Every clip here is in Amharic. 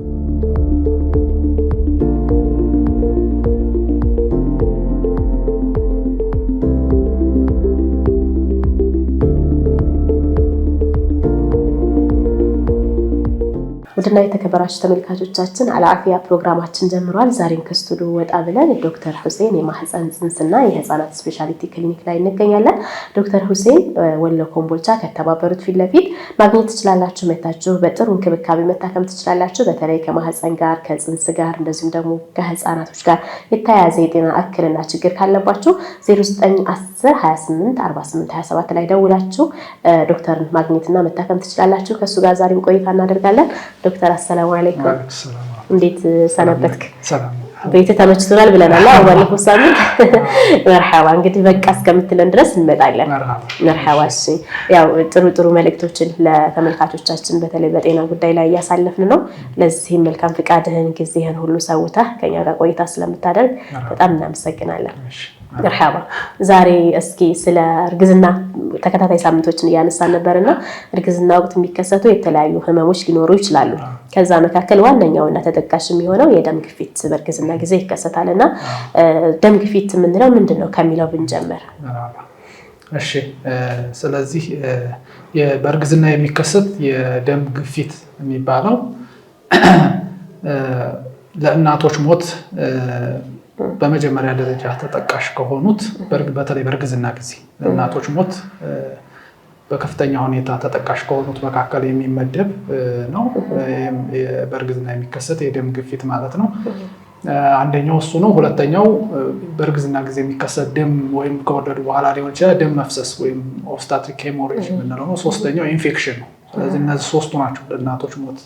you ውድና የተከበራችሁ ተመልካቾቻችን አልዓፊያ ፕሮግራማችን ጀምሯል። ዛሬም ከስቱዲዮ ወጣ ብለን ዶክተር ሁሴን የማህፀን ጽንስና የህፃናት ስፔሻሊቲ ክሊኒክ ላይ እንገኛለን። ዶክተር ሁሴን ወሎ ኮምቦልቻ ከተባበሩት ፊት ለፊት ማግኘት ትችላላችሁ። መታችሁ በጥሩ እንክብካቤ መታከም ትችላላችሁ። በተለይ ከማህፀን ጋር ከጽንስ ጋር እንደዚሁም ደግሞ ከህፃናቶች ጋር የተያያዘ የጤና እክልና ችግር ካለባችሁ 0910284827 ላይ ደውላችሁ ዶክተርን ማግኘትና መታከም ትችላላችሁ። ከእሱ ጋር ዛሬም ቆይታ እናደርጋለን። ዶክተር አሰላሙ አለይኩም። እንዴት ሰነበትክ? ቤት ተመችቶናል ብለናል። አዎ ባለፈው ሳምንት መርሐባ። እንግዲህ በቃ እስከምትለን ድረስ እንመጣለን። መርሐባ። እሺ፣ ያው ጥሩ ጥሩ መልእክቶችን ለተመልካቾቻችን በተለይ በጤና ጉዳይ ላይ እያሳለፍን ነው። ለዚህም መልካም ፍቃድህን ጊዜህን ሁሉ ሰውተህ ከኛ ጋር ቆይታ ስለምታደርግ በጣም እናመሰግናለን። መርሓባ ዛሬ እስኪ ስለ እርግዝና ተከታታይ ሳምንቶችን እያነሳን እና እርግዝና ወቅት የሚከሰቱ የተለያዩ ህመሞች ሊኖሩ ይችላሉ። ከዛ መካከል ዋነኛውና ተጠቃሽ የሚሆነው የደም ግፊት በእርግዝና ጊዜ ይከሰታል እና ደም ግፊት የምንለው ምንድን ነው ከሚለው ብንጀምር። እሺ፣ ስለዚህ በእርግዝና የሚከሰት የደም ግፊት የሚባለው ለእናቶች ሞት በመጀመሪያ ደረጃ ተጠቃሽ ከሆኑት በተለይ በእርግዝና ጊዜ እናቶች ሞት በከፍተኛ ሁኔታ ተጠቃሽ ከሆኑት መካከል የሚመደብ ነው። በእርግዝና የሚከሰት የደም ግፊት ማለት ነው። አንደኛው እሱ ነው። ሁለተኛው በእርግዝና ጊዜ የሚከሰት ደም ወይም ከወለዱ በኋላ ሊሆን ይችላል ደም መፍሰስ ወይም ኦብስታትሪክ ሄሞሬጅ የምንለው ነው። ሶስተኛው ኢንፌክሽን ነው። ስለዚህ እነዚህ ሶስቱ ናቸው ለእናቶች ሞት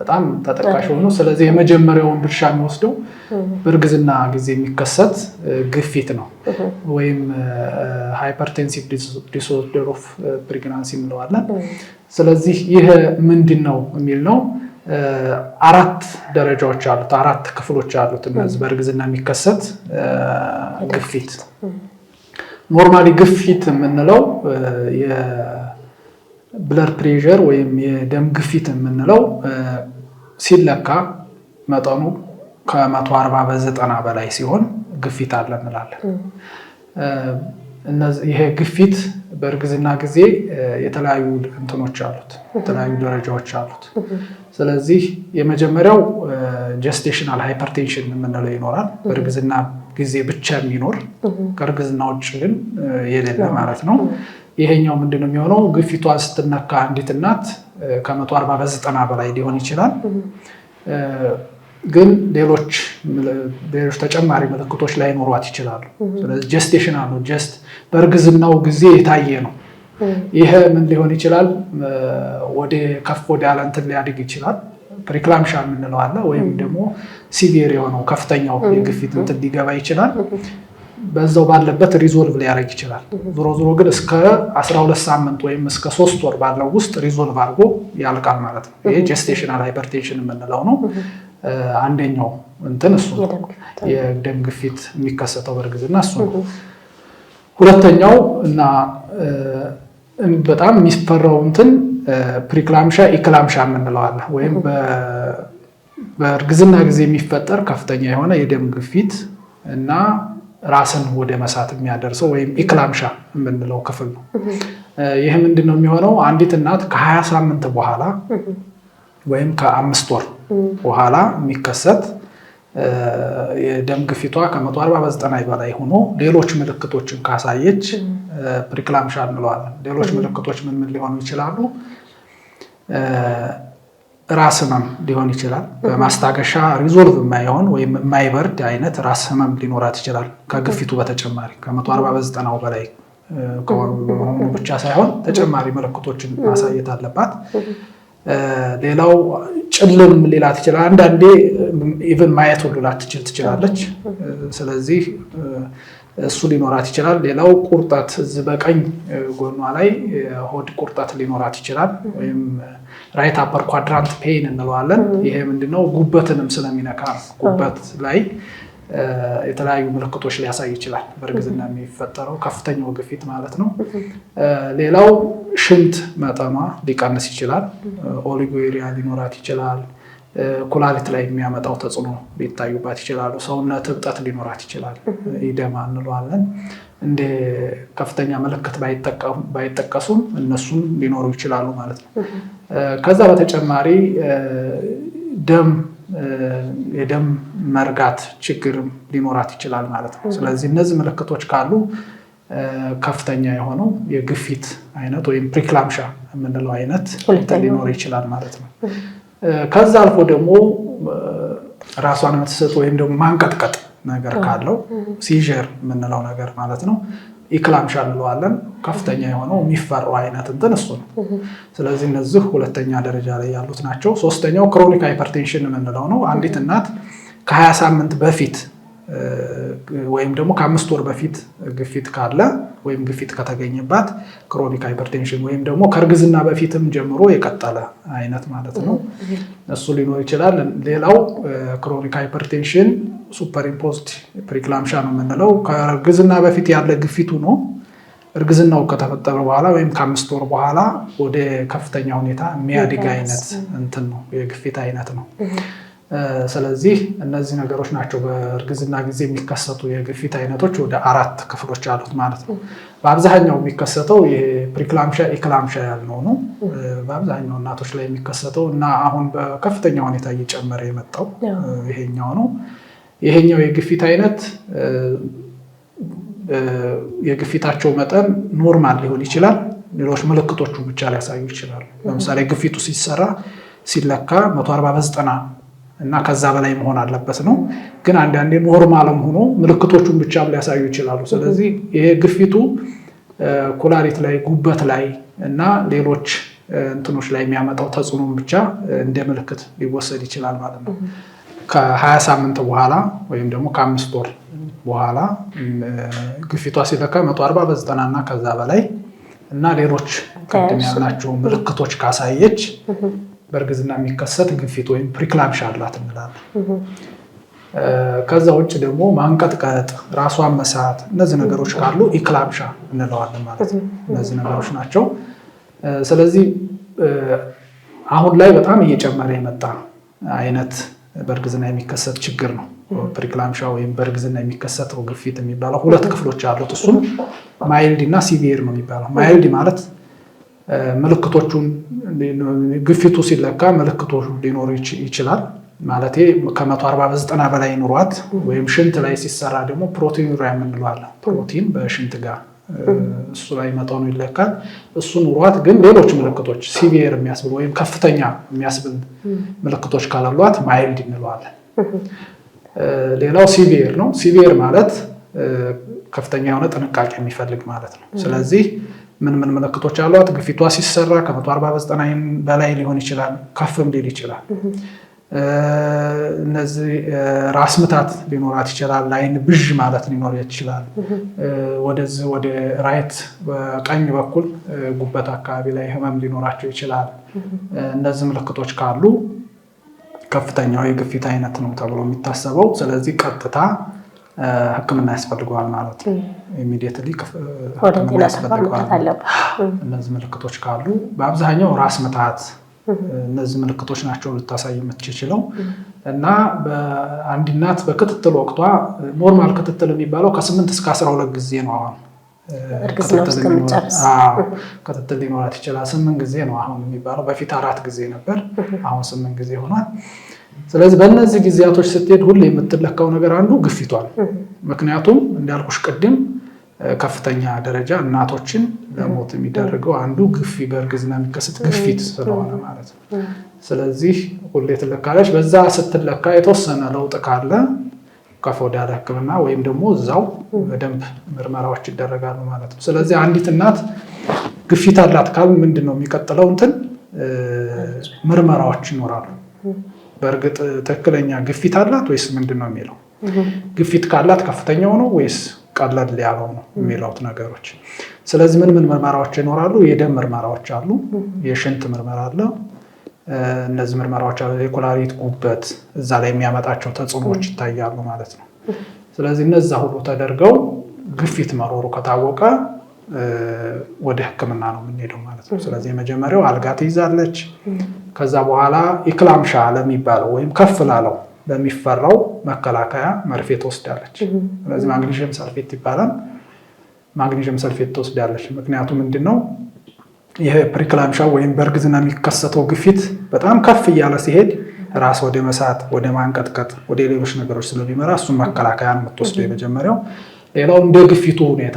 በጣም ተጠቃሽ ሆኖ ስለዚህ የመጀመሪያውን ድርሻ የሚወስደው በእርግዝና ጊዜ የሚከሰት ግፊት ነው ወይም ሃይፐርቴንሲቭ ዲስኦርደር ኦፍ ፕሬግናንሲ እንለዋለን። ስለዚህ ይህ ምንድን ነው የሚል ነው። አራት ደረጃዎች አሉት፣ አራት ክፍሎች አሉት። እነዚህ በእርግዝና የሚከሰት ግፊት ኖርማሊ ግፊት የምንለው ብለድ ፕሬሸር ወይም የደም ግፊት የምንለው ሲለካ መጠኑ ከመቶ አርባ በዘጠና በላይ ሲሆን ግፊት አለ እንላለን። ይሄ ግፊት በእርግዝና ጊዜ የተለያዩ እንትኖች አሉት፣ የተለያዩ ደረጃዎች አሉት። ስለዚህ የመጀመሪያው ጀስቴሽናል ሃይፐርቴንሽን የምንለው ይኖራል። በእርግዝና ጊዜ ብቻ የሚኖር ከእርግዝና ውጭ ግን የሌለ ማለት ነው። ይሄኛው ምንድን ነው የሚሆነው? ግፊቷን ስትነካ አንዲት እናት ከመቶ አርባ በዘጠና በላይ ሊሆን ይችላል። ግን ሌሎች ሌሎች ተጨማሪ ምልክቶች ላይኖሯት ይችላሉ። ስለዚህ ጀስቴሽን አሉ ጀስት በእርግዝናው ጊዜ የታየ ነው። ይሄ ምን ሊሆን ይችላል? ወደ ከፍ ወደ ያለ እንትን ሊያድግ ይችላል። ፕሪክላምሻ የምንለው አለ። ወይም ደግሞ ሲቪር የሆነው ከፍተኛው የግፊት እንትን ሊገባ ይችላል። በዛው ባለበት ሪዞልቭ ሊያደርግ ይችላል። ዞሮ ዞሮ ግን እስከ 12 ሳምንት ወይም እስከ ሶስት ወር ባለው ውስጥ ሪዞልቭ አድርጎ ያልቃል ማለት ነው። ይሄ ጀስቴሽናል ሃይፐርቴንሽን የምንለው ነው። አንደኛው እንትን እሱ የደም ግፊት የሚከሰተው በእርግዝና እሱ ነው። ሁለተኛው እና በጣም የሚፈራው እንትን ፕሪክላምሻ ኢክላምሻ የምንለዋለ ወይም በእርግዝና ጊዜ የሚፈጠር ከፍተኛ የሆነ የደም ግፊት እና ራስን ወደ መሳት የሚያደርሰው ወይም ኢክላምሻ የምንለው ክፍል ነው። ይህ ምንድን ነው የሚሆነው? አንዲት እናት ከሀያ ሳምንት በኋላ ወይም ከአምስት ወር በኋላ የሚከሰት የደም ግፊቷ ከመቶ አርባ በዘጠና በላይ ሆኖ ሌሎች ምልክቶችን ካሳየች ፕሪክላምሻ እንለዋለን። ሌሎች ምልክቶች ምን ምን ሊሆኑ ይችላሉ? ራስ ህመም ሊሆን ይችላል። በማስታገሻ ሪዞልቭ የማይሆን ወይም የማይበርድ አይነት ራስ ህመም ሊኖራት ይችላል። ከግፊቱ በተጨማሪ ከ 49 በላይ ከሆኑ ብቻ ሳይሆን ተጨማሪ ምልክቶችን ማሳየት አለባት። ሌላው ጭልም ሊላት ትችላል። አንዳንዴ ኢቨን ማየት ሁሉ ላትችል ትችላለች። ስለዚህ እሱ ሊኖራት ይችላል። ሌላው ቁርጠት፣ እዚህ በቀኝ ጎኗ ላይ ሆድ ቁርጠት ሊኖራት ይችላል ወይም ራይት አፐር ኳድራንት ፔን እንለዋለን። ይሄ ምንድነው ጉበትንም ስለሚነካ ጉበት ላይ የተለያዩ ምልክቶች ሊያሳይ ይችላል። በእርግዝና የሚፈጠረው ከፍተኛው ግፊት ማለት ነው። ሌላው ሽንት መጠኗ ሊቀንስ ይችላል። ኦሊጎሪያ ሊኖራት ይችላል። ኩላሊት ላይ የሚያመጣው ተጽዕኖ ሊታዩባት ይችላሉ። ሰውነት እብጠት ሊኖራት ይችላል። ኢደማ እንለዋለን። እንደ ከፍተኛ ምልክት ባይጠቀሱም እነሱም ሊኖሩ ይችላሉ ማለት ነው። ከዛ በተጨማሪ ደም የደም መርጋት ችግርም ሊኖራት ይችላል ማለት ነው። ስለዚህ እነዚህ ምልክቶች ካሉ ከፍተኛ የሆነው የግፊት አይነት ወይም ፕሪክላምሻ የምንለው አይነት ሊኖር ይችላል ማለት ነው። ከዛ አልፎ ደግሞ ራሷን የምትስት ወይም ደግሞ ማንቀጥቀጥ ነገር ካለው ሲዥር የምንለው ነገር ማለት ነው። ኢክላምሻ እንለዋለን። ከፍተኛ የሆነው የሚፈራው አይነት እንትን እሱ ነው። ስለዚህ እነዚህ ሁለተኛ ደረጃ ላይ ያሉት ናቸው። ሶስተኛው ክሮኒክ ሃይፐርቴንሽን የምንለው ነው። አንዲት እናት ከሀያ ሳምንት በፊት ወይም ደግሞ ከአምስት ወር በፊት ግፊት ካለ ወይም ግፊት ከተገኘባት ክሮኒክ ሃይፐርቴንሽን ወይም ደግሞ ከእርግዝና በፊትም ጀምሮ የቀጠለ አይነት ማለት ነው። እሱ ሊኖር ይችላል። ሌላው ክሮኒክ ሃይፐርቴንሽን ሱፐር ኢምፖዝድ ፕሪክላምሻ ነው የምንለው ከእርግዝና በፊት ያለ ግፊቱ ነው። እርግዝናው ከተፈጠረ በኋላ ወይም ከአምስት ወር በኋላ ወደ ከፍተኛ ሁኔታ የሚያድግ አይነት እንትን ነው የግፊት አይነት ነው። ስለዚህ እነዚህ ነገሮች ናቸው በእርግዝና ጊዜ የሚከሰቱ የግፊት አይነቶች ወደ አራት ክፍሎች አሉት ማለት ነው። በአብዛኛው የሚከሰተው ፕሪክላምሻ ኢክላምሻ ያልነው ነው። በአብዛኛው እናቶች ላይ የሚከሰተው እና አሁን በከፍተኛ ሁኔታ እየጨመረ የመጣው ይሄኛው ነው። ይሄኛው የግፊት አይነት የግፊታቸው መጠን ኖርማል ሊሆን ይችላል። ሌሎች ምልክቶቹ ብቻ ሊያሳዩ ይችላሉ። ለምሳሌ ግፊቱ ሲሰራ ሲለካ 140 በ90 እና ከዛ በላይ መሆን አለበት ነው። ግን አንዳንዴ ኖርማልም ሆኖ ምልክቶቹን ብቻም ሊያሳዩ ይችላሉ። ስለዚህ ይሄ ግፊቱ ኩላሊት ላይ፣ ጉበት ላይ እና ሌሎች እንትኖች ላይ የሚያመጣው ተጽዕኖን ብቻ እንደ ምልክት ሊወሰድ ይችላል ማለት ነው። ከሀያ ሳምንት በኋላ ወይም ደግሞ ከአምስት ወር በኋላ ግፊቷ ሲለካ መቶ አርባ በዘጠና እና ከዛ በላይ እና ሌሎች ቅድም ያልናቸው ምልክቶች ካሳየች በእርግዝና የሚከሰት ግፊት ወይም ፕሪክላምሽ አላት እንላለን። ከዛ ውጭ ደግሞ ማንቀጥቀጥ፣ ራሷን መሳት እነዚህ ነገሮች ካሉ ኢክላምሻ እንለዋለን ማለት ነው። እነዚህ ነገሮች ናቸው። ስለዚህ አሁን ላይ በጣም እየጨመረ የመጣ አይነት በእርግዝና የሚከሰት ችግር ነው። ፕሪክላምሻ ወይም በእርግዝና የሚከሰተው ግፊት የሚባለው ሁለት ክፍሎች አሉት። እሱም ማይልድ እና ሲቪር ነው የሚባለው። ማይልድ ማለት ምልክቶቹን ግፊቱ ሲለካ ምልክቱ ሊኖር ይችላል። ማለት ከመቶ አርባ በዘጠና በላይ ኑሯት ወይም ሽንት ላይ ሲሰራ ደግሞ ፕሮቲን የምንለው አለ። ፕሮቲን በሽንት ጋር እሱ ላይ መጠኑ ይለካል። እሱ ኑሯት ግን ሌሎች ምልክቶች ሲቪየር የሚያስብል ወይም ከፍተኛ የሚያስብል ምልክቶች ካላሏት ማይልድ እንለዋለን። ሌላው ሲቪየር ነው። ሲቪየር ማለት ከፍተኛ የሆነ ጥንቃቄ የሚፈልግ ማለት ነው። ስለዚህ ምን ምን ምልክቶች አሏት? ግፊቷ ሲሰራ ከ 149 በላይ ሊሆን ይችላል፣ ከፍም ሊል ይችላል። እነዚህ ራስ ምታት ሊኖራት ይችላል። ላይን ብዥ ማለት ሊኖር ይችላል። ወደዚህ ወደ ራይት በቀኝ በኩል ጉበት አካባቢ ላይ ህመም ሊኖራቸው ይችላል። እነዚህ ምልክቶች ካሉ ከፍተኛው የግፊት አይነት ነው ተብሎ የሚታሰበው። ስለዚህ ቀጥታ ህክምና ያስፈልገዋል ማለት ነው። ኢሚዲየትሊ ህክምና ያስፈልገዋል። እነዚህ ምልክቶች ካሉ በአብዛኛው ራስ ምታት እነዚህ ምልክቶች ናቸው ልታሳይ የምትችለው እና በአንድ እናት በክትትል ወቅቷ ኖርማል ክትትል የሚባለው ከስምንት እስከ አስራ ሁለት ጊዜ ነው። አሁን ክትትል ሊኖራት ይችላል። ስምንት ጊዜ ነው አሁን የሚባለው። በፊት አራት ጊዜ ነበር፣ አሁን ስምንት ጊዜ ሆኗል። ስለዚህ በእነዚህ ጊዜያቶች ስትሄድ ሁሌ የምትለካው ነገር አንዱ ግፊቷ ነው። ምክንያቱም እንዳልኩሽ ቅድም ከፍተኛ ደረጃ እናቶችን ለሞት የሚደረገው አንዱ ግፊ በእርግዝና የሚከሰት ግፊት ስለሆነ ማለት ነው። ስለዚህ ሁሌ ትለካለች። በዛ ስትለካ የተወሰነ ለውጥ ካለ ከፍ ወዳለ ሕክምና ወይም ደግሞ እዛው በደንብ ምርመራዎች ይደረጋሉ ማለት ነው። ስለዚህ አንዲት እናት ግፊት አላት ካል ምንድን ነው የሚቀጥለው እንትን ምርመራዎች ይኖራሉ። በእርግጥ ትክክለኛ ግፊት አላት ወይስ ምንድን ነው የሚለው ግፊት ካላት ከፍተኛው ነው ወይስ ቀለል ያለው ነው የሚለውት ነገሮች። ስለዚህ ምን ምን ምርመራዎች ይኖራሉ? የደም ምርመራዎች አሉ፣ የሽንት ምርመራ አለ። እነዚህ ምርመራዎች አሉ፣ የኩላሊት ጉበት፣ እዛ ላይ የሚያመጣቸው ተጽዕኖዎች ይታያሉ ማለት ነው። ስለዚህ እነዛ ሁሉ ተደርገው ግፊት መኖሩ ከታወቀ ወደ ህክምና ነው የምንሄደው ማለት ነው። ስለዚህ የመጀመሪያው አልጋ ትይዛለች። ከዛ በኋላ ኢክላምሻ ለሚባለው ወይም ከፍ ላለው በሚፈራው መከላከያ መርፌ ትወስዳለች። ስለዚህ ማግኒዥየም ሰልፌት ይባላል። ማግኒዥየም ሰልፌት ትወስዳለች። ምክንያቱ ምንድን ነው? ይሄ ፕሪክላምሻ ወይም በእርግዝና የሚከሰተው ግፊት በጣም ከፍ እያለ ሲሄድ ራስ ወደ መሳት፣ ወደ ማንቀጥቀጥ፣ ወደ ሌሎች ነገሮች ስለሚመራ እሱን መከላከያ የምትወስደው የመጀመሪያው። ሌላው እንደ ግፊቱ ሁኔታ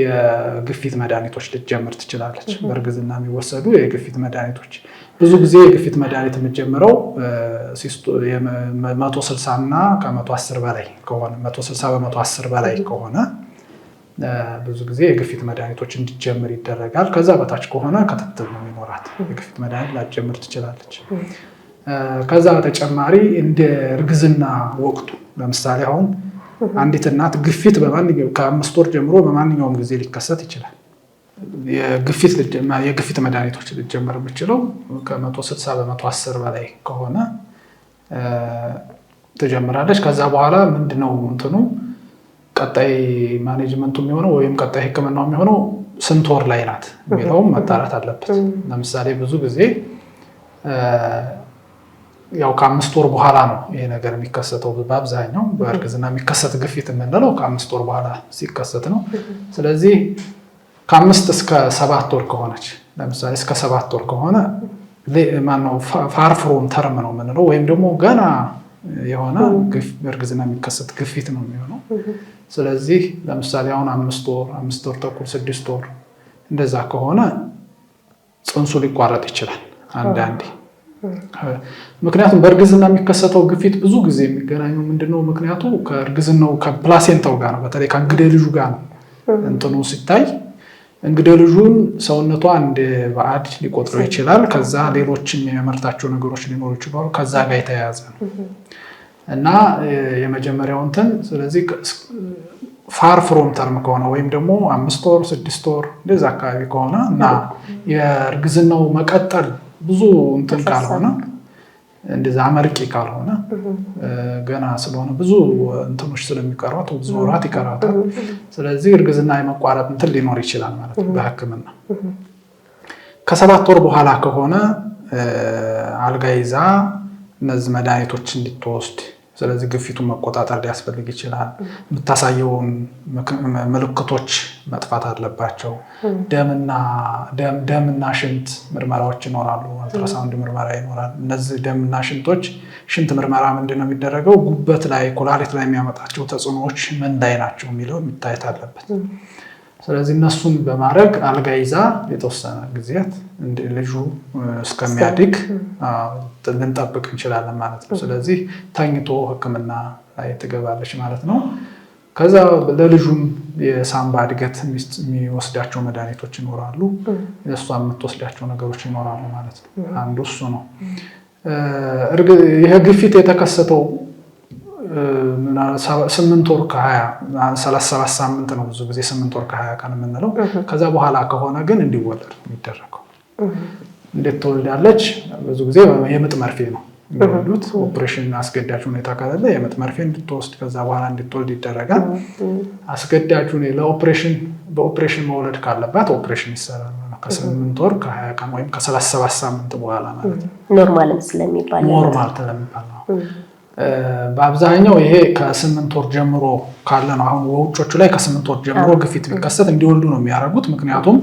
የግፊት መድኃኒቶች ልትጀምር ትችላለች። በእርግዝና የሚወሰዱ የግፊት መድኃኒቶች ብዙ ጊዜ የግፊት መድኃኒት የምትጀምረው መቶ ስልሳ እና ከመቶ አስር በላይ ከሆነ መቶ ስልሳ በመቶ አስር በላይ ከሆነ ብዙ ጊዜ የግፊት መድኃኒቶች እንዲጀምር ይደረጋል። ከዛ በታች ከሆነ ክትትል ነው የሚኖራት። የግፊት መድኃኒት ላትጀምር ትችላለች። ከዛ በተጨማሪ እንደ እርግዝና ወቅቱ ለምሳሌ አሁን አንዲት እናት ግፊት በማንኛውም ከአምስት ወር ጀምሮ በማንኛውም ጊዜ ሊከሰት ይችላል። የግፊት መድኃኒቶች ልጀመር የምችለው ከመቶ ስልሳ በመቶ አስር በላይ ከሆነ ትጀምራለች። ከዛ በኋላ ምንድነው እንትኑ ቀጣይ ማኔጅመንቱ የሚሆነው ወይም ቀጣይ ሕክምናው የሚሆነው ስንት ወር ላይ ናት የሚለውም መጣራት አለበት። ለምሳሌ ብዙ ጊዜ ያው ከአምስት ወር በኋላ ነው ይሄ ነገር የሚከሰተው። በአብዛኛው በእርግዝና የሚከሰት ግፊት የምንለው ከአምስት ወር በኋላ ሲከሰት ነው። ስለዚህ ከአምስት እስከ ሰባት ወር ከሆነች ለምሳሌ እስከ ሰባት ወር ከሆነ ማነው ፋርፍሮም ተርም ነው የምንለው ወይም ደግሞ ገና የሆነ በእርግዝና የሚከሰት ግፊት ነው የሚሆነው። ስለዚህ ለምሳሌ አሁን አምስት ወር አምስት ወር ተኩል ስድስት ወር እንደዛ ከሆነ ጽንሱ ሊቋረጥ ይችላል አንዳንዴ ምክንያቱም በእርግዝና የሚከሰተው ግፊት ብዙ ጊዜ የሚገናኙ ምንድነው ምክንያቱ ከእርግዝናው ከፕላሴንታው ጋር ነው። በተለይ ከእንግዴ ልጁ ጋር ነው እንትኑ ሲታይ እንግደ ልጁን ሰውነቷ እንደ በአድ ሊቆጥረው ይችላል። ከዛ ሌሎችም የሚያመርታቸው ነገሮች ሊኖሩ ይችላሉ። ከዛ ጋር የተያያዘ ነው እና የመጀመሪያው እንትን ስለዚህ ፋር ፍሮም ተርም ከሆነ ወይም ደግሞ አምስት ወር ስድስት ወር እንደዛ አካባቢ ከሆነ እና የእርግዝናው መቀጠል ብዙ እንትን ካልሆነ እንደዛ አመርቂ ካልሆነ ገና ስለሆነ ብዙ እንትኖች ስለሚቀሯት ብዙ ወራት ይቀራታል። ስለዚህ እርግዝና የመቋረጥ እንትን ሊኖር ይችላል ማለት ነው በሕክምና ከሰባት ወር በኋላ ከሆነ አልጋ ይዛ እነዚህ መድኃኒቶች እንድትወስድ ስለዚህ ግፊቱን መቆጣጠር ሊያስፈልግ ይችላል። የምታሳየውን ምልክቶች መጥፋት አለባቸው። ደምና ሽንት ምርመራዎች ይኖራሉ። አልትራሳውንድ ምርመራ ይኖራል። እነዚህ ደምና ሽንቶች ሽንት ምርመራ ምንድን ነው የሚደረገው? ጉበት ላይ ኩላሊት ላይ የሚያመጣቸው ተጽዕኖዎች ላይ ናቸው የሚለው የሚታየት አለበት። ስለዚህ እነሱን በማድረግ አልጋ ይዛ የተወሰነ ጊዜያት ልጁ እስከሚያድግ ልንጠብቅ እንችላለን ማለት ነው። ስለዚህ ተኝቶ ሕክምና ላይ ትገባለች ማለት ነው። ከዛ ለልጁም የሳምባ እድገት የሚወስዳቸው መድኃኒቶች ይኖራሉ። እሷ የምትወስዳቸው ነገሮች ይኖራሉ ማለት ነው። አንዱ እሱ ነው። ይሄ ግፊት የተከሰተው ስምንት ወር ከሀያ ሰባት ሳምንት ነው ብዙ ጊዜ ስምንት ወር ከሀያ ቀን የምንለው። ከዛ በኋላ ከሆነ ግን እንዲወለድ የሚደረገው እንዴት ትወልዳለች? ብዙ ጊዜ የምጥ መርፌ ነው የሚወልዱት ኦፕሬሽን አስገዳጅ ሁኔታ ካለ የምጥ መርፌ እንድትወስድ ከዛ በኋላ እንድትወልድ ይደረጋል። አስገዳጅ ለኦፕሬሽን በኦፕሬሽን መውለድ ካለባት ኦፕሬሽን ይሰራል። ከስምንት ወር ከሀያ ቀን ወይም ከሰላሳ ሰባት ሳምንት በኋላ ማለት ነው። ስለሚባል ኖርማል ስለሚባል ነው። በአብዛኛው ይሄ ከስምንት ወር ጀምሮ ካለ ነው። አሁን በውጮቹ ላይ ከስምንት ወር ጀምሮ ግፊት ቢከሰት እንዲወልዱ ነው የሚያደርጉት። ምክንያቱም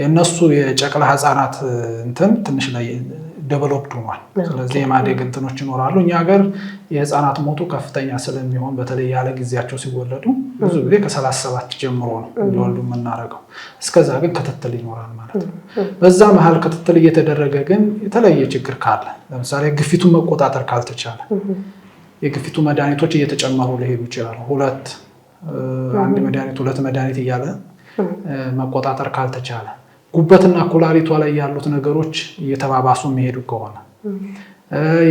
የእነሱ የጨቅላ ህጻናት እንትን ትንሽ ላይ ደቨሎፕድ ሆኗል። ስለዚህ የማደግ እንትኖች ይኖራሉ። እኛ ሀገር የህፃናት ሞቱ ከፍተኛ ስለሚሆን በተለይ ያለ ጊዜያቸው ሲወለዱ ብዙ ጊዜ ከሰላሳ ሰባት ጀምሮ ነው እንዲወልዱ የምናደርገው። እስከዛ ግን ክትትል ይኖራል ማለት ነው። በዛ መሀል ክትትል እየተደረገ ግን የተለየ ችግር ካለ ለምሳሌ ግፊቱን መቆጣጠር ካልተቻለ የግፊቱ መድኃኒቶች እየተጨመሩ ሊሄዱ ይችላሉ። ሁለት አንድ መድኃኒት ሁለት መድኃኒት እያለ መቆጣጠር ካልተቻለ ጉበትና ኩላሊቷ ላይ ያሉት ነገሮች እየተባባሱ የሚሄዱ ከሆነ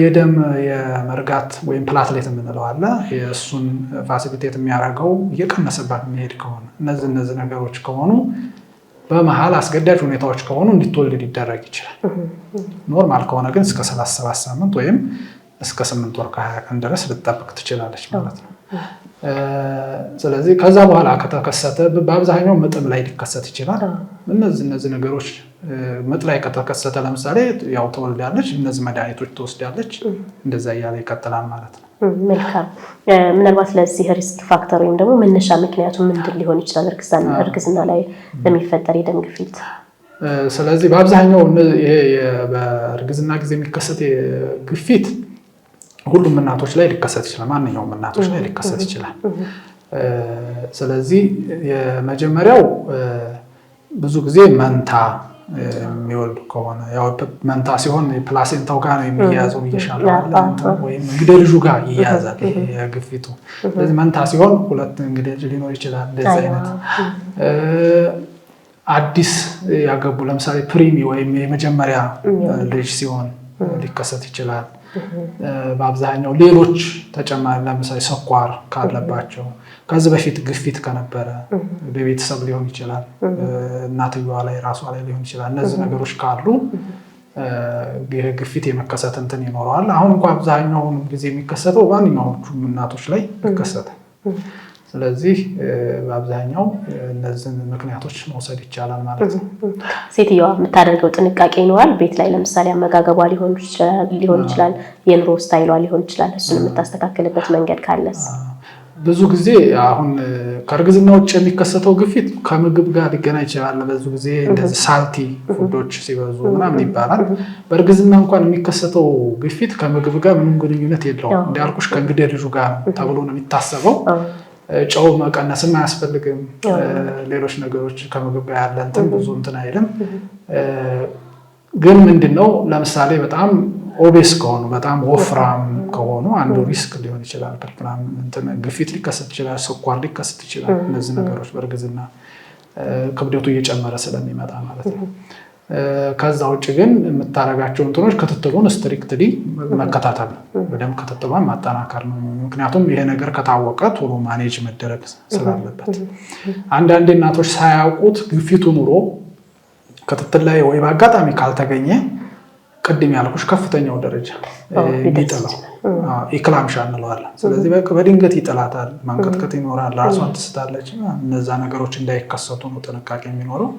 የደም የመርጋት ወይም ፕላትሌት የምንለው አለ። የእሱን ፋሲሊቴት የሚያደርገው እየቀነሰባት የሚሄድ ከሆነ እነዚህ እነዚህ ነገሮች ከሆኑ በመሀል አስገዳጅ ሁኔታዎች ከሆኑ እንዲትወልድ ሊደረግ ይችላል። ኖርማል ከሆነ ግን እስከ ሰላሳ ሰባት ሳምንት ወይም እስከ ስምንት ወር ከሀያ ቀን ድረስ ልጠብቅ ትችላለች ማለት ነው። ስለዚህ ከዛ በኋላ ከተከሰተ በአብዛኛው ምጥም ላይ ሊከሰት ይችላል። እነዚህ እነዚህ ነገሮች ምጥ ላይ ከተከሰተ ለምሳሌ ያው ተወልዳለች፣ እነዚህ መድኃኒቶች ትወስዳለች፣ እንደዛ እያለ ይቀጥላል ማለት ነው። መልካም። ምናልባት ለዚህ ሪስክ ፋክተር ወይም ደግሞ መነሻ ምክንያቱ ምንድን ሊሆን ይችላል? እርግዝና ላይ ለሚፈጠር የደም ግፊት። ስለዚህ በአብዛኛው ይሄ በእርግዝና ጊዜ የሚከሰት ግፊት ሁሉም እናቶች ላይ ሊከሰት ይችላል። ማንኛውም እናቶች ላይ ሊከሰት ይችላል። ስለዚህ የመጀመሪያው ብዙ ጊዜ መንታ የሚወልዱ ከሆነ መንታ ሲሆን ፕላሴንታው ጋር ነው የሚያያዘው እየሻለ ወይም ልጁ ጋር ይያያዛል የግፊቱ። ስለዚህ መንታ ሲሆን ሁለት እንግዲህ ልጅ ሊኖር ይችላል። እንደዚህ አይነት አዲስ ያገቡ ለምሳሌ ፕሪሚ ወይም የመጀመሪያ ልጅ ሲሆን ሊከሰት ይችላል። በአብዛኛው ሌሎች ተጨማሪ ለምሳሌ ስኳር ካለባቸው ከዚህ በፊት ግፊት ከነበረ በቤተሰብ ሊሆን ይችላል፣ እናትዋ ላይ ራሷ ላይ ሊሆን ይችላል። እነዚህ ነገሮች ካሉ ግፊት የመከሰት እንትን ይኖረዋል። አሁን እንኳ አብዛኛውን ጊዜ የሚከሰተው ማንኛዎቹ እናቶች ላይ ይከሰታል። ስለዚህ በአብዛኛው እነዚህን ምክንያቶች መውሰድ ይቻላል ማለት ነው። ሴትየዋ የምታደርገው ጥንቃቄ ይኖራል። ቤት ላይ ለምሳሌ አመጋገቧ ሊሆን ይችላል፣ የኑሮ ስታይሏ ሊሆን ይችላል። እሱን የምታስተካክልበት መንገድ ካለስ ብዙ ጊዜ አሁን ከእርግዝና ውጭ የሚከሰተው ግፊት ከምግብ ጋር ሊገናኝ ይችላል። ብዙ ጊዜ እንደዚህ ሳልቲ ፉዶች ሲበዙ ምናምን ይባላል። በእርግዝና እንኳን የሚከሰተው ግፊት ከምግብ ጋር ምንም ግንኙነት የለውም። እንዳልኩሽ ከእንግዴ ልጁ ጋር ተብሎ ነው የሚታሰበው ጨው መቀነስም አያስፈልግም። ሌሎች ነገሮች ከምግብ ጋር ያለ እንትን ብዙ እንትን አይልም። ግን ምንድን ነው ለምሳሌ በጣም ኦቤስ ከሆኑ በጣም ወፍራም ከሆኑ አንዱ ሪስክ ሊሆን ይችላል። ግፊት ሊከሰት ይችላል፣ ስኳር ሊከሰት ይችላል። እነዚህ ነገሮች በእርግዝና ክብደቱ እየጨመረ ስለሚመጣ ማለት ነው። ከዛ ውጭ ግን የምታደርጋቸው እንትኖች ክትትሉን ስትሪክትሊ መከታተል ነው፣ በደንብ ክትትሏን ማጠናከር ነው። ምክንያቱም ይሄ ነገር ከታወቀ ቶሎ ማኔጅ መደረግ ስላለበት፣ አንዳንድ እናቶች ሳያውቁት ግፊቱ ኑሮ ክትትል ላይ ወይ በአጋጣሚ ካልተገኘ ቅድም ያልኩሽ ከፍተኛው ደረጃ ይጥለው ኢክላምሻ እንለዋለን። ስለዚህ በድንገት ይጥላታል፣ ማንቀጥቀጥ ይኖራል፣ ራሷን ትስታለች። እነዛ ነገሮች እንዳይከሰቱ ነው ጥንቃቄ የሚኖረው።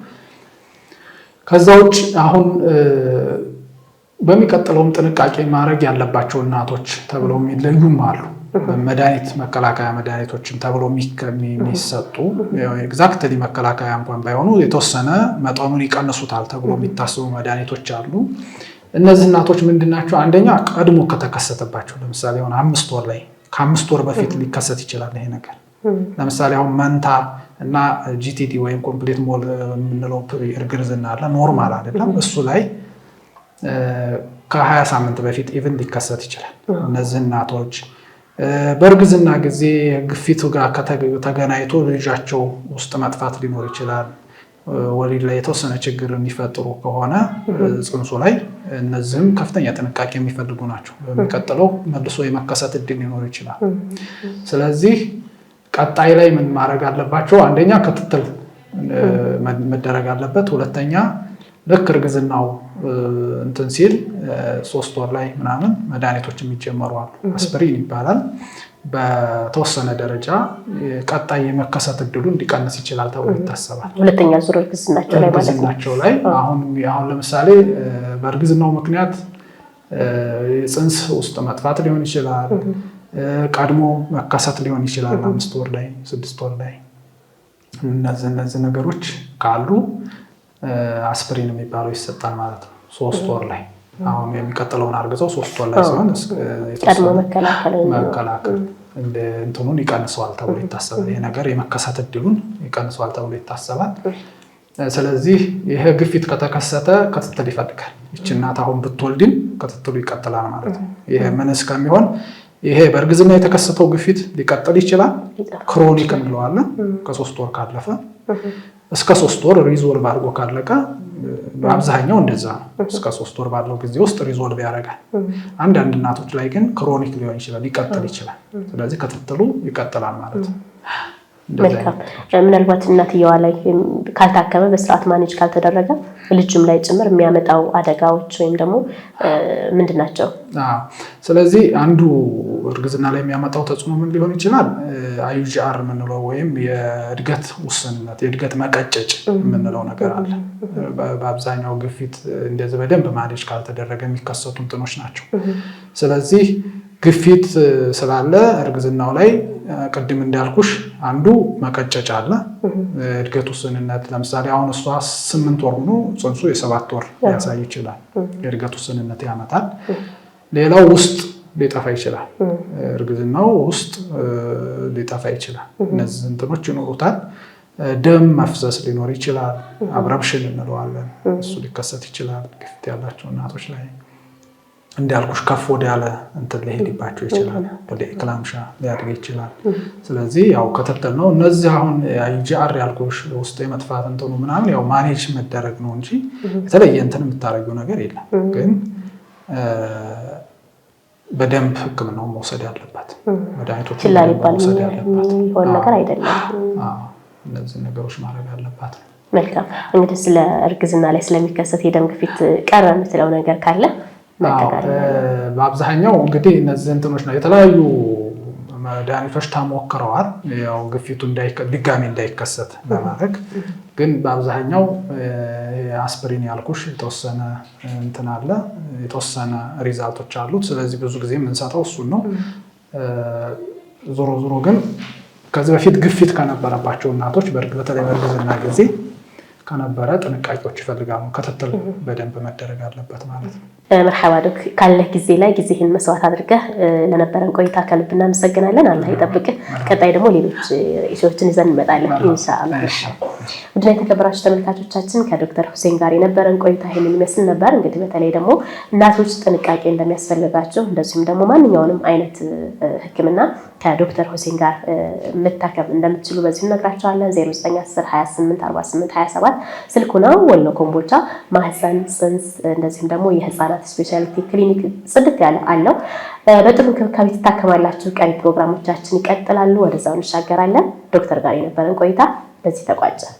ከዛ ውጭ አሁን በሚቀጥለውም ጥንቃቄ ማድረግ ያለባቸው እናቶች ተብለው የሚለዩም አሉ። መድኃኒት መከላከያ መድኃኒቶችም ተብሎ የሚሰጡ ኤግዛክትሊ መከላከያ እንኳን ባይሆኑ የተወሰነ መጠኑን ይቀንሱታል ተብሎ የሚታሰቡ መድኃኒቶች አሉ። እነዚህ እናቶች ምንድን ናቸው? አንደኛ ቀድሞ ከተከሰተባቸው ለምሳሌ አሁን አምስት ወር ላይ ከአምስት ወር በፊት ሊከሰት ይችላል ይሄ ነገር። ለምሳሌ አሁን መንታ እና ጂቲቲ ወይም ኮምፕሊት ሞል የምንለው እርግርዝና አለ። ኖርማል አይደለም። እሱ ላይ ከሀያ ሳምንት በፊት ኢቨን ሊከሰት ይችላል። እነዚህ እናቶች በእርግዝና ጊዜ ግፊቱ ጋር ተገናኝቶ ልጃቸው ውስጥ መጥፋት ሊኖር ይችላል። ወሊድ ላይ የተወሰነ ችግር የሚፈጥሩ ከሆነ ጽንሱ ላይ እነዚህም ከፍተኛ ጥንቃቄ የሚፈልጉ ናቸው። በሚቀጥለው መልሶ የመከሰት እድል ሊኖር ይችላል። ስለዚህ ቀጣይ ላይ ምን ማድረግ አለባቸው? አንደኛ ክትትል መደረግ አለበት። ሁለተኛ ልክ እርግዝናው እንትን ሲል ሶስት ወር ላይ ምናምን መድኃኒቶች የሚጀመሩ አሉ። አስፕሪን ይባላል። በተወሰነ ደረጃ ቀጣይ የመከሰት እድሉ እንዲቀንስ ይችላል ተብሎ ይታሰባል። ሁለተኛ ዙር እርግዝናቸው ላይ አሁን አሁን ለምሳሌ በእርግዝናው ምክንያት ጽንስ ውስጥ መጥፋት ሊሆን ይችላል ቀድሞ መከሰት ሊሆን ይችላል። አምስት ወር ላይ ስድስት ወር ላይ እነዚህ እነዚህ ነገሮች ካሉ አስፕሪን የሚባለው ይሰጣል ማለት ነው። ሶስት ወር ላይ አሁን የሚቀጥለውን አርግዘው ሶስት ወር ላይ ሲሆን መከላከል እንደ እንትኑን ይቀንሰዋል ተብሎ ይታሰባል። ይሄ ነገር የመከሰት እድሉን ይቀንሰዋል ተብሎ ይታሰባል። ስለዚህ ይሄ ግፊት ከተከሰተ ክትትል ይፈልጋል። ይች እናት አሁን ብትወልድም ክትትሉ ይቀጥላል ማለት ነው። ይሄ ምን እስከሚሆን ይሄ በእርግዝና የተከሰተው ግፊት ሊቀጥል ይችላል። ክሮኒክ እንለዋለን። ከሶስት ወር ካለፈ እስከ ሶስት ወር ሪዞልቭ አድርጎ ካለቀ በአብዛኛው እንደዛ ነው። እስከ ሶስት ወር ባለው ጊዜ ውስጥ ሪዞልቭ ያደርጋል። አንዳንድ እናቶች ላይ ግን ክሮኒክ ሊሆን ይችላል፣ ሊቀጥል ይችላል። ስለዚህ ክትትሉ ይቀጥላል ማለት ነው። መልካም ምናልባት እናትየዋ ላይ ካልታከመ በስርዓት ማኔጅ ካልተደረገ ልጁም ላይ ጭምር የሚያመጣው አደጋዎች ወይም ደግሞ ምንድን ናቸው? ስለዚህ አንዱ እርግዝና ላይ የሚያመጣው ተጽዕኖ ምን ሊሆን ይችላል? አዩጂአር የምንለው ወይም የእድገት ውስንነት፣ የእድገት መቀጨጭ የምንለው ነገር አለ። በአብዛኛው ግፊት እንደዚህ በደንብ ማኔጅ ካልተደረገ የሚከሰቱ እንትኖች ናቸው። ስለዚህ ግፊት ስላለ እርግዝናው ላይ ቅድም እንዳልኩሽ አንዱ መቀጨጫ አለ። እድገቱ ውስንነት ለምሳሌ አሁን እሷ ስምንት ወር ሆኖ ፅንሱ የሰባት ወር ሊያሳይ ይችላል። የእድገቱ ውስንነት ያመጣል። ሌላው ውስጥ ሊጠፋ ይችላል። እርግዝናው ውስጥ ሊጠፋ ይችላል። እነዚህ እንትኖች ይኖሩታል። ደም መፍሰስ ሊኖር ይችላል። አብረብሽን እንለዋለን። እሱ ሊከሰት ይችላል ግፊት ያላቸው እናቶች ላይ እንዲያልኩሽ ከፍ ወደ ያለ እንትን ሊሄድባቸው ይችላል። ወደ ክላምሻ ሊያድግ ይችላል። ስለዚህ ያው ክትትል ነው። እነዚህ አሁን ዩጂአር ያልኩሽ ውስጡ የመጥፋት እንትኑ ምናምን ያው ማኔጅ መደረግ ነው እንጂ የተለየ እንትን የምታደረገው ነገር የለም። ግን በደንብ ሕክምናው መውሰድ ያለባት መድኃኒቶች መውሰድ ያለበት ነገር አይደለም። እነዚህ ነገሮች ማድረግ አለባት ነው። መልካም እንግዲህ ስለ እርግዝና ላይ ስለሚከሰት የደም ግፊት ቀረ የምትለው ነገር ካለ በአብዛኛው እንግዲህ እነዚህ እንትኖች ነው የተለያዩ መድኃኒቶች ተሞክረዋል። ያው ግፊቱ ድጋሚ እንዳይከሰት ለማድረግ ግን በአብዛኛው አስፕሪን ያልኩሽ የተወሰነ እንትን አለ፣ የተወሰነ ሪዛልቶች አሉት። ስለዚህ ብዙ ጊዜ የምንሰጠው እሱን ነው። ዞሮ ዞሮ ግን ከዚህ በፊት ግፊት ከነበረባቸው እናቶች በተለይ በእርግዝና ጊዜ ከነበረ ጥንቃቄዎች ይፈልጋሉ። ክትትል በደንብ መደረግ አለበት ማለት ነው። መርሓባ ዶክ ካለህ ጊዜ ላይ ጊዜህን መስዋዕት አድርገህ ለነበረን ቆይታ ከልብ እናመሰግናለን። አላህ ይጠብቅህ። ቀጣይ ደግሞ ሌሎች ርዕሶችን ይዘን እንመጣለን ኢንሻአላህ። ውድና የተከበራችሁ ተመልካቾቻችን ከዶክተር ሁሴን ጋር የነበረን ቆይታ ይህንን ይመስል ነበር። እንግዲህ በተለይ ደግሞ እናቶች ጥንቃቄ እንደሚያስፈልጋቸው እንደዚሁም ደግሞ ማንኛውንም አይነት ሕክምና ከዶክተር ሁሴን ጋር መታከም እንደምትችሉ በዚሁ እነግራቸዋለን። 27 ስልኩ ነው። ወሎ ኮምቦቻ ማህፀን፣ ፅንስ እንደዚሁም ደግሞ የህፃናት ማዕከላት ስፔሻሊቲ ክሊኒክ ጽድት ያለ አለው። በጥሩ እንክብካቤ ትታከማላችሁ። ቀሪ ፕሮግራሞቻችን ይቀጥላሉ። ወደዛው እንሻገራለን። ዶክተር ጋር የነበረን ቆይታ በዚህ ተቋጨ።